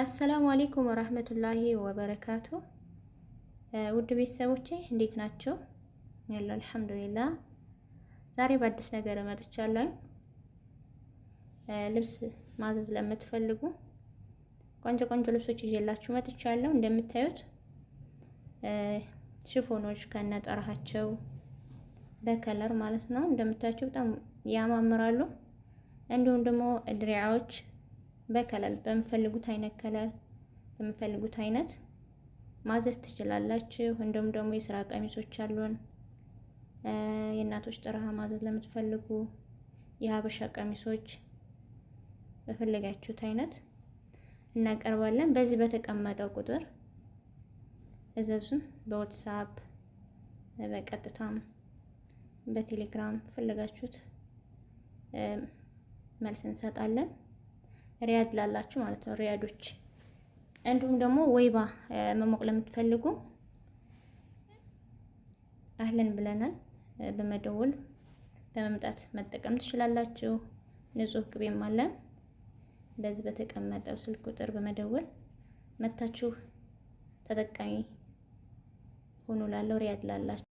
አሰላሙ አሌይኩም ወራህመቱላሂ ወበረካቱ። ውድ ቤተሰቦቼ እንዴት ናቸው? ያለው አልሐምዱሊላ። ዛሬ በአዲስ ነገር እመጥቻለሁ። ልብስ ማዘዝ ለምትፈልጉ ቆንጆ ቆንጆ ልብሶች ይዤላችሁ መጥቻለሁ። እንደምታዩት ሽፎኖች ከነጠራቸው በከለር ማለት ነው። እንደምታያቸው በጣም ያማምራሉ። እንዲሁም ደግሞ ድሪያዎች በከለር በምፈልጉት አይነት ከለር በምፈልጉት አይነት ማዘዝ ትችላላችሁ። እንዲሁም ደግሞ የስራ ቀሚሶች አሉን። የእናቶች ጥራሃ ማዘዝ ለምትፈልጉ የሀበሻ ቀሚሶች በፈለጋችሁት አይነት እናቀርባለን። በዚህ በተቀመጠው ቁጥር እዘዙን። በዋትስአፕ በቀጥታም በቴሌግራም ፈለጋችሁት መልስ እንሰጣለን። ሪያድ ላላችሁ ማለት ነው ሪያዶች፣ እንዲሁም ደግሞ ወይባ መሞቅ ለምትፈልጉ አህለን ብለናል በመደወል በመምጣት መጠቀም ትችላላችሁ። ንጹህ ቅቤም አለን። በዚህ በተቀመጠው ስልክ ቁጥር በመደወል መታችሁ ተጠቃሚ ሆኖ ላለው ሪያድ ላላችሁ